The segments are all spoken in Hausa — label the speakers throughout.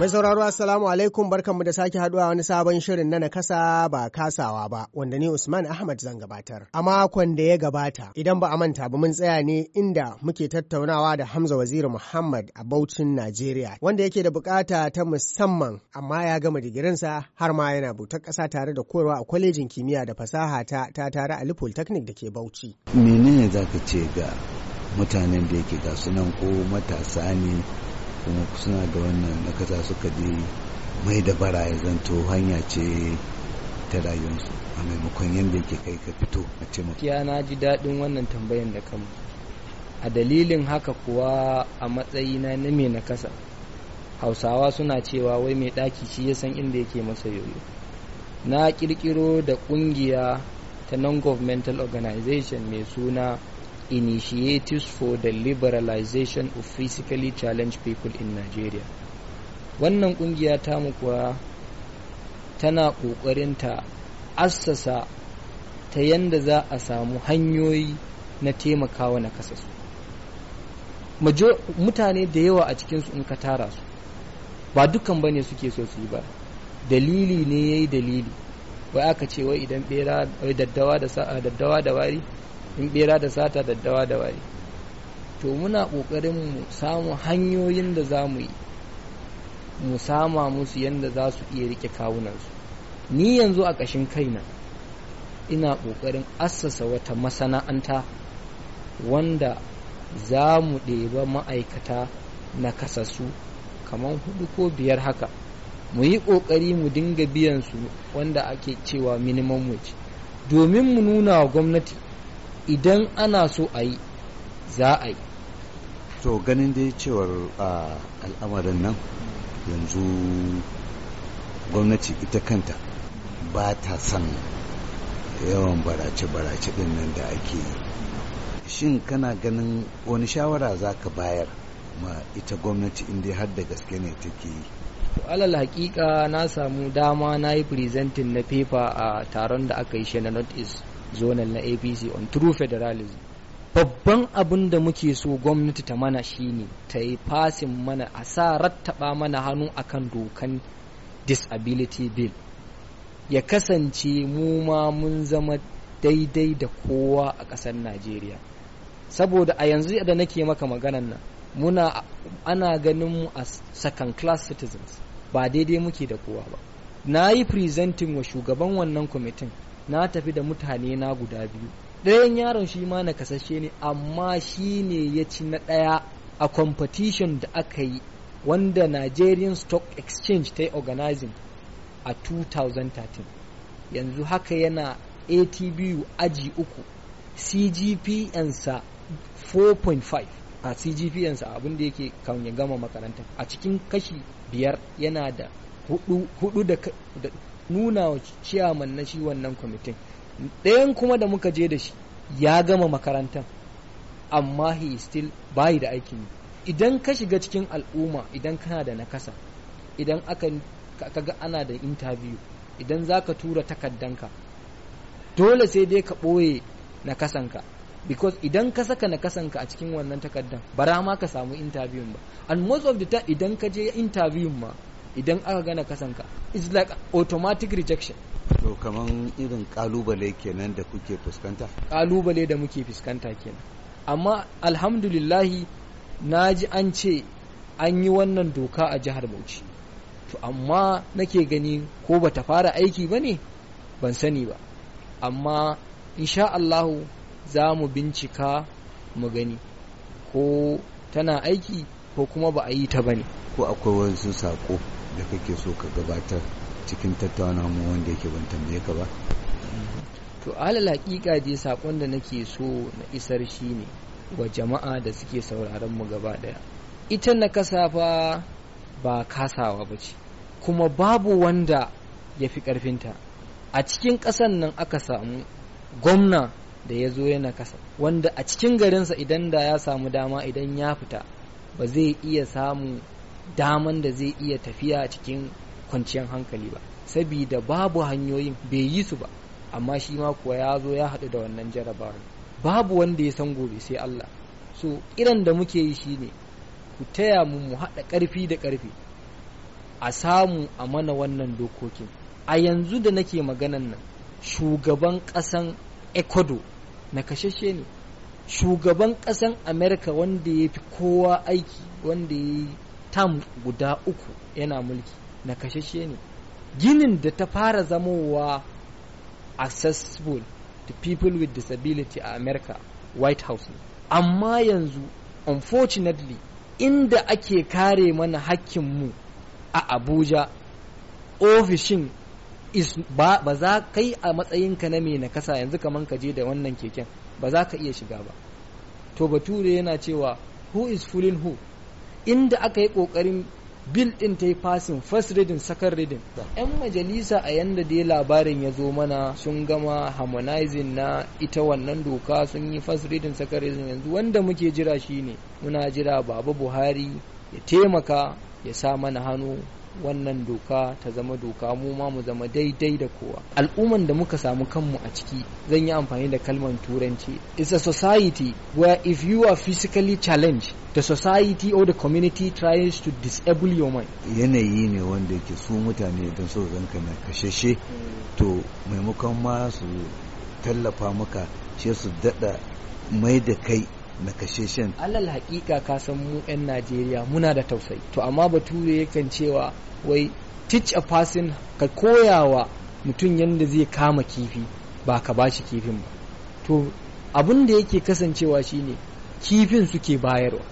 Speaker 1: Mai sauraro Assalamu alaikum barkanmu da sake haduwa wani sabon shirin na nakasa ba kasawa ba wanda ni Usman Ahmad zan gabatar. A makon da ya gabata idan ba a manta ba mun tsaya ne inda muke tattaunawa da Hamza Waziri Muhammad a Baucin Najeriya wanda yake da bukata ta musamman amma ya gama digirinsa har ma yana bautar kasa tare da koyarwa a kwalejin kimiyya da fasaha ta ta tare a Polytechnic da ke Bauchi.
Speaker 2: Menene zaka ce ga mutanen da yake ga sunan ko matasa ne kuma suna da wannan nakasa suka je mai da bara ya zanto hanya ce ta rayuwarsu a maimakon yadda yake kai ka fito a ce
Speaker 1: ya na ji daɗin wannan tambayan da kama a dalilin haka kuwa a matsayina na mai kasa hausawa suna cewa wai mai ɗaki shi ya san inda yake masa yoyo na ƙirƙiro da ƙungiya ta non-governmental organization mai suna initiatives for the liberalization of physically challenged people in Nigeria. Wannan kungiya ta kuwa tana ƙoƙarin ta assasa ta yanda za a samu hanyoyi na taimakawa na kasasu. Mutane da yawa a cikinsu in ka tara su, ba dukan ba ne suke so su yi ba, dalili ne ya yi dalili, wai aka ce wai idan ɓera daddawa da wari in bera da sata daddawa da waye to muna ƙoƙarin mu samu hanyoyin da za mu yi mu sama musu yadda za su iya rike kawunansu ni yanzu a ƙashin kaina ina ƙoƙarin assasa wata masana'anta wanda za mu ɗeba ma'aikata na kasassu kamar hudu ko biyar haka mu yi ƙoƙari mu dinga biyansu su wanda ake cewa minimum wage domin mu nuna wa gwamnati idan ana so a yi za a yi
Speaker 2: to ganin dai cewar al'amarin nan yanzu gwamnati ita kanta ba ta son yawan barace-barace din nan da ake yi shin kana ganin wani shawara za ka bayar ma ita gwamnati inda har da gaske ne take yi
Speaker 1: to alal hakika na samu dama na yi presenting na fefa a taron da aka yi shi na north zonal na apc on true federalism babban abin da muke so gwamnati ta mana shine ta yi fasin mana a sa rattaba mana hannu a kan dokan disability bill ya kasance mu ma mun zama daidai da kowa a ƙasar najeriya saboda a yanzu da nake maka maganan nan muna ana ganin mu a second class citizens ba daidai muke da kowa ba na yi presenting wa shugaban wannan kwamitin na tafi da mutane na guda biyu ɗayan yaron shi ma na kasashe ne amma shi ne ya ci na ɗaya a competition da aka yi wanda Nigerian Stock Exchange ta yi organizing a 2013 yanzu haka yana ATBU aji uku CGPNsa 4.5 a CGPNsa abin da yake kan ya gama makaranta a cikin kashi biyar yana da hudu, da nuna wa ciyaman na shi wannan kwamitin ɗayan kuma da muka je da shi ya gama makarantar amma he still bayi da aikin yi idan ka shiga cikin al'umma idan kana da nakasa idan aka kaga ana da interview idan za ka tura takaddanka dole sai dai ka ɓoye nakasanka because idan ka saka nakasanka a cikin wannan takaddan bara ma ka samu interview ba and most of the time idan ka je interview ma idan aka gana kasanka it's like automatic rejection
Speaker 2: to kaman irin kalubale kenan da kuke fuskanta
Speaker 1: kalubale da muke fuskanta kenan amma alhamdulillahi na ji an ce an yi wannan doka a jihar bauchi to amma nake gani ko bata fara aiki ba ne ban sani ba amma insha Allahu za mu bincika mu gani ko tana aiki ko kuma ba a yi ta ba ne
Speaker 2: ko akwai wasu sako. da kake so ka gabatar cikin tattauna mu wanda yake ban tambaye ka ba
Speaker 1: to alal hakika dai sakon da nake so na isar shi ne wa jama'a da suke sauraron mu gaba daya ita na fa ba kasawa ba ce kuma babu wanda ya fi karfinta a cikin ƙasan nan aka samu gwamna da ya zo yana kasa wanda a cikin garinsa idan da ya samu dama idan ya fita ba zai iya samu daman da zai iya tafiya cikin kwanciyar hankali ba sabida babu hanyoyin bai yi su ba amma shi ma kuwa ya zo ya haɗu da wannan jarabawar babu wanda ya san gobe sai Allah so kiran da muke yi shine ku taya mu mu haɗa ƙarfi da ƙarfi a samu a mana wannan dokokin a yanzu da nake maganan nan shugaban ƙasan ecuador na kashashe ne shugaban ƙasan america wanda ya fi kowa aiki wanda ya yi. tam guda uku yana mulki na kashashe ne ginin da ta fara zamowa accessible to people with disability a america white house ne amma yanzu unfortunately inda ake kare mana hakkinmu a abuja ofishin ba za kai a matsayinka na mai nakasa yanzu kamar ka je da wannan keken ba za ka iya shiga ba to bature yana cewa who is fooling who inda aka yi kokarin bil din ta yi fasin first reading second reading yan majalisa a yanda dai labarin ya zo mana sun gama harmonizing na ita wannan doka sun yi first reading second reading yanzu wanda muke jira shine muna jira baba buhari ya taimaka ya sa mana hannu wannan doka ta zama doka mu ma mu zama daidai da kowa al'umman da muka samu kanmu a ciki zan yi amfani da kalmar turanci it's a society where if you are physically challenged the society or the community tries to disable your mind
Speaker 2: yanayi ne wanda yake su mutane don so zanka na kashashe to maimakon ma su tallafa maka ce su dada mai da kai na kashe shan.
Speaker 1: alal hakika ka san mu yan najeriya muna da tausayi to amma bature yakan cewa wai teach a person ka koyawa mutum yadda zai kama kifi ba ka ba shi kifin ba to abin da yake kasancewa shine kifin suke bayarwa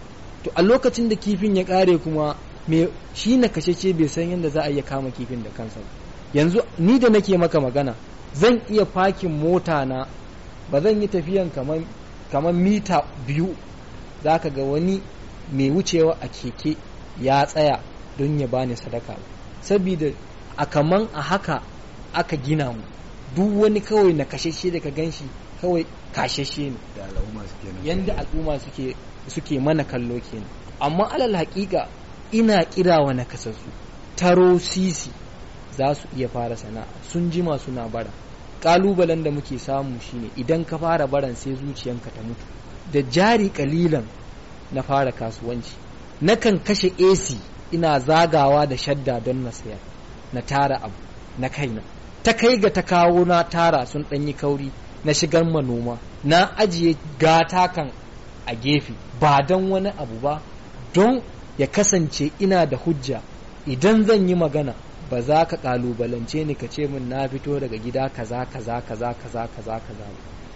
Speaker 1: to a lokacin da kifin ya kare kuma me shi na kashe ce bai san yadda za a iya kama kifin da kansa ba yanzu ni da nake maka magana zan iya fakin mota na ba zan yi tafiyan kamar kamar mita biyu za ka ga wani mai wucewa a keke ya tsaya don ya bani sadaka saboda a kaman a haka aka gina mu duk wani kawai na kashashe da ganshi kawai kashashe ne yadda al'umma suke mana kallo kenan amma alal haƙiƙa ina ƙira na kasassu taro sisi za su iya fara sana'a sun jima suna bara kalubalen da muke samu shine idan ka fara baran sai zuciyanka ta mutu da jari kalilan na fara kasuwanci nakan kashe AC ina zagawa da shadda don na sayar na tara abu na kaina ta kai ga ta kawo na tara sun yi kauri na shigar manoma na ajiye gata kan a gefe ba don wani abu ba don ya kasance ina da hujja idan zan yi magana ba za ka kalubalance ni ka ce min na fito daga gida kaza kaza kaza kaza kaza kaza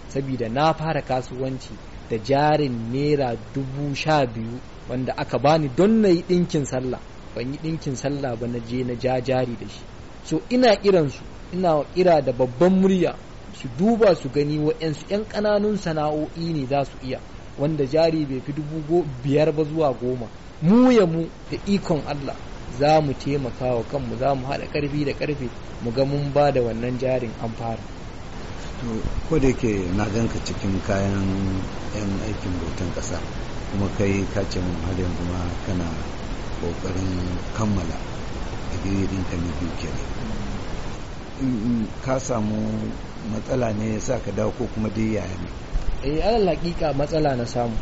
Speaker 1: saboda na fara kasuwanci da jarin naira dubu sha biyu wanda aka bani don na yi ɗinkin sallah ban yi ɗinkin sallah ba na je na ja jari da shi so ina kiransu ina kira da babban murya su duba su gani wa'yansu 'yan ƙananun sana'o'i ne za su iya wanda jari bai fi dubu biyar ba zuwa goma mu ya mu da ikon Allah za mu taimaka wa kanmu za mu haɗa ƙarfi da ƙarfe mu ga mun ba da wannan jarin an fara
Speaker 2: ko da yake na ganka cikin kayan 'yan aikin bautan ƙasa kuma kai ka ce mun har yanzu ma kana ƙoƙarin kammala digiri ɗinka na biyu kenan ka samu matsala ne ya sa ka dawo ko kuma dai yaya
Speaker 1: ne eh alal hakika matsala na samu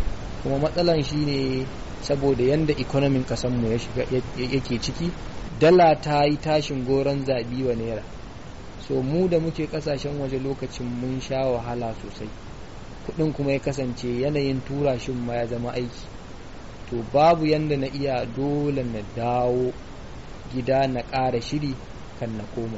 Speaker 1: kuma matsalan shine saboda yadda ikonomin kasanmu yake ciki dala ta yi tashin goron zabi wa naira so mu da muke kasashen waje lokacin mun sha wahala sosai kuɗin kuma ya kasance yanayin tura shin ma ya zama aiki to babu yadda na iya dole na dawo gida na ƙara shiri kan na koma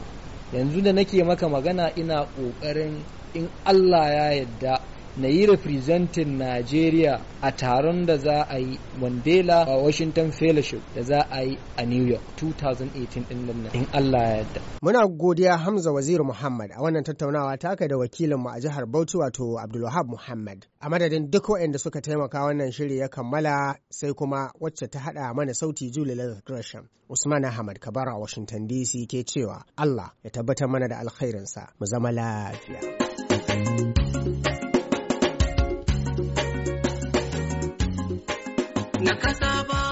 Speaker 1: yanzu da nake maka magana ina ƙoƙarin in allah ya yadda na yi representin Najeriya a taron da za a yi Mandela a Washington Fellowship da za a yi a New York 2018 din nan in Allah ya yarda. Muna godiya Hamza Wazir Muhammad a wannan tattaunawa ta taka da wakilinmu a jihar Bauchi wato Abdulwahab Muhammad. A madadin duk waɗanda suka taimaka wannan shiri ya kammala sai kuma wacce ta haɗa mana sauti Julie Gresham. Usman Ahmad Kabara Washington DC ke cewa Allah ya tabbatar mana da alkhairinsa mu zama lafiya. thank you Kasaba